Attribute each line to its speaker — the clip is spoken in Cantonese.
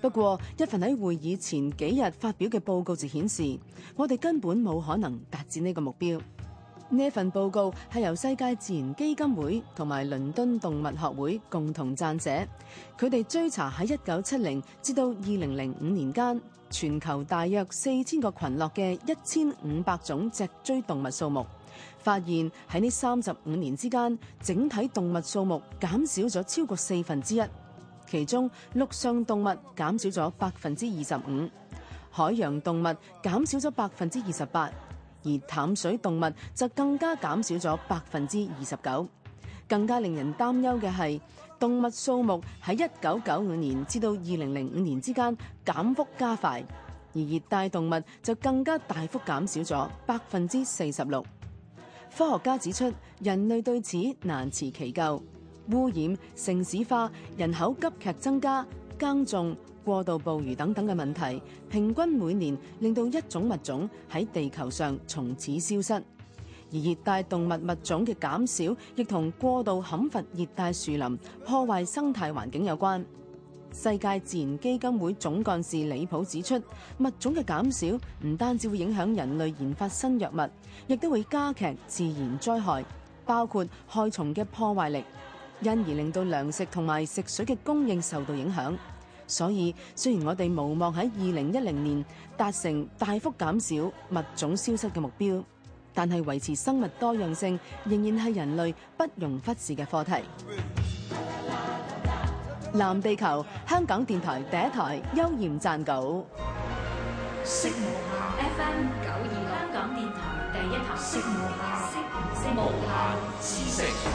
Speaker 1: 不過一份喺會議前幾日發表嘅報告就顯示，我哋根本冇可能達至呢個目標。呢份報告係由世界自然基金會同埋倫敦動物學會共同撰寫。佢哋追查喺一九七零至到二零零五年間，全球大約四千個群落嘅一千五百種脊椎動物數目，發現喺呢三十五年之間，整體動物數目減少咗超過四分之一。其中陸上動物減少咗百分之二十五，海洋動物減少咗百分之二十八，而淡水動物就更加減少咗百分之二十九。更加令人擔憂嘅係，動物數目喺一九九五年至到二零零五年之間減幅加快，而熱帶動物就更加大幅減少咗百分之四十六。科學家指出，人類對此難辭其咎。污染、城市化、人口急劇增加、耕種、過度捕魚等等嘅問題，平均每年令到一種物種喺地球上從此消失。而熱帶動物物種嘅減少，亦同過度砍伐熱帶樹林、破壞生態環境有關。世界自然基金會總幹事李普指出，物種嘅減少唔單止會影響人類研發新藥物，亦都會加劇自然災害，包括害蟲嘅破壞力。因而令到糧食同埋食水嘅供應受到影響，所以雖然我哋無望喺二零一零年達成大幅減少物種消失嘅目標，但係維持生物多樣性仍然係人類不容忽視嘅課題。藍地球，香港電台第一台，邱焱撰稿，色無限 FM 九二六，香港電台第一台，色無限，色無限，知識。